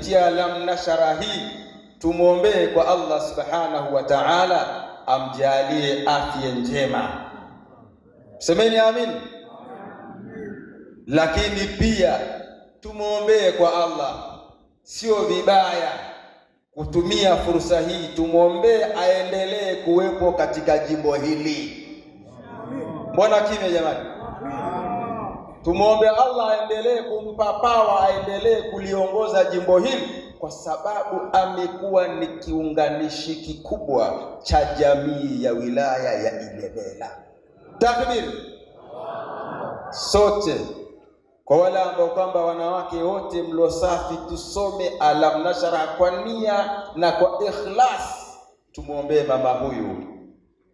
kupitia Lam Nashara hii tumwombee kwa Allah subhanahu wa ta'ala, amjalie afya njema. Semeni amin. Lakini pia tumwombee kwa Allah, sio vibaya kutumia fursa hii, tumwombee aendelee kuwepo katika jimbo hili. Mbona kimya jamani? Tumwombe Allah aendelee kumpa pawa, aendelee kuliongoza jimbo hili kwa sababu amekuwa ni kiunganishi kikubwa cha jamii ya wilaya ya Ilemela. Takbiri! Sote kwa wale ambao kwamba wanawake wote mliosafi, tusome Alam nashara kwa nia na kwa ikhlas. Tumwombee mama huyu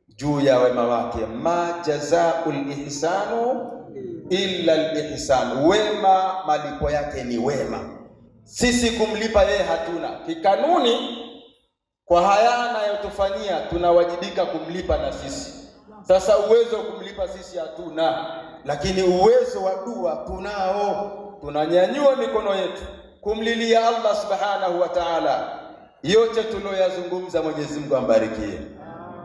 juu ya wema wake, ma jazaul ihsanu illa al-ihsan, wema malipo yake ni wema. Sisi kumlipa yeye hatuna kikanuni. Kwa haya anayotufanyia tunawajibika kumlipa na sisi. Sasa uwezo wa kumlipa sisi hatuna, lakini uwezo wa dua tunao. Tunanyanyua mikono yetu kumlilia Allah subhanahu wa ta'ala, yote tuloyazungumza, Mwenyezi Mungu ambarikie.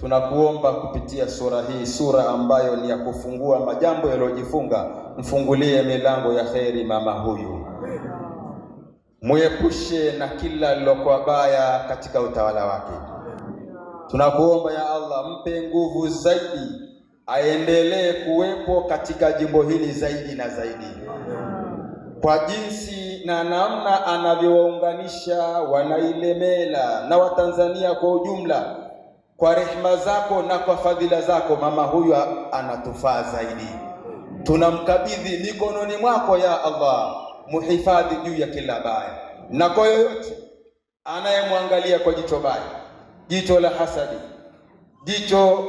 Tunakuomba kupitia sura hii, sura ambayo ni ya kufungua majambo yaliyojifunga, mfungulie milango ya kheri mama huyu, mwepushe na kila lilokuwa baya katika utawala wake. Tunakuomba ya Allah, mpe nguvu zaidi, aendelee kuwepo katika jimbo hili zaidi na zaidi, kwa jinsi na namna anavyowaunganisha Wanailemela na Watanzania kwa ujumla kwa rehema zako na kwa fadhila zako, mama huyu anatufaa zaidi. Tunamkabidhi mikononi mwako ya Allah, muhifadhi juu ya kila baya na kwa yoyote anayemwangalia kwa jicho baya, jicho la hasadi, jicho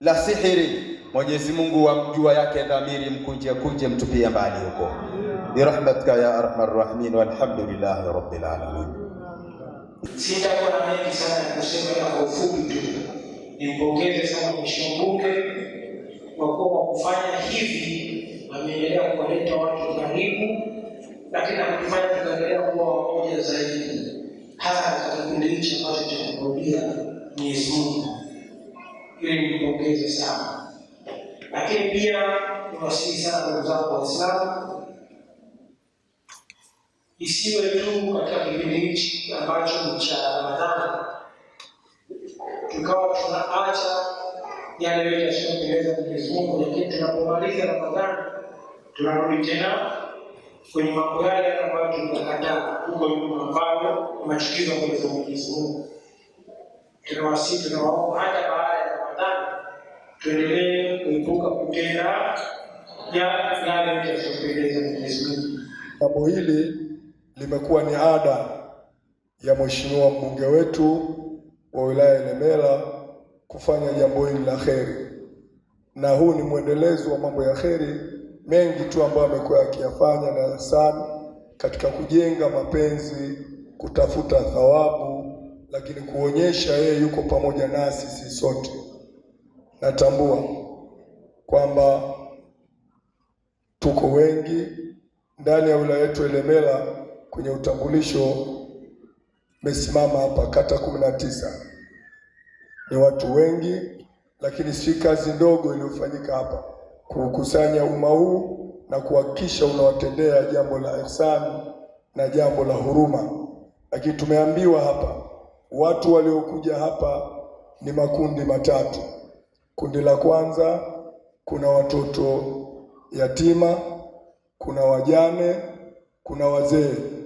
la sihiri. Mwenyezi Mungu wamjua yake dhamiri, mkunje kunje, mtupie mbali huko birahmatika ya arhamar rahimin, walhamdulillahi rabbil alamin. Sitakuwa na mengi sana ya kusema, ila kwa ufupi tu nimpongeze sana mheshimiwa mbunge kwa kuwa kwa kufanya hivi ameendelea kuwaleta watu karibu, lakini akutufanya tukaendelea kuwa wamoja zaidi, hasa katika kipindi hichi ambacho cha kurudia Mwenyezi Mungu. Ili nimpongeze sana, lakini pia niwasihi sana ndugu zangu Waislamu isiwe tu katika kipindi hichi ambacho ni cha Ramadhani tukawa tunaacha yale yote yasiyopendeza Mwenyezi Mungu, lakini tunapomaliza Ramadhani tunarudi tena kwenye mambo yale ambayo tuliyakataa huko nyuma, ambayo machukizo mbele za Mwenyezi Mungu. Tunawasi, tunawaomba hata baada ya Ramadhani tuendelee kuepuka kutenda yale yote yasiyopendeza Mwenyezi Mungu. Jambo hili limekuwa ni ada ya mheshimiwa mbunge wetu wa wilaya ya Ilemela kufanya jambo hili la heri, na huu ni mwendelezo wa mambo ya heri mengi tu ambayo amekuwa akiyafanya, na sana katika kujenga mapenzi, kutafuta thawabu, lakini kuonyesha yeye yuko pamoja nasi sisi sote. Natambua kwamba tuko wengi ndani ya wilaya yetu Ilemela kwenye utambulisho mesimama hapa kata kumi na tisa, ni watu wengi, lakini si kazi ndogo iliyofanyika hapa kuukusanya umma huu na kuhakikisha unawatendea jambo la ihsani na jambo la huruma. Lakini tumeambiwa hapa watu waliokuja hapa ni makundi matatu. Kundi la kwanza, kuna watoto yatima, kuna wajane, kuna wazee.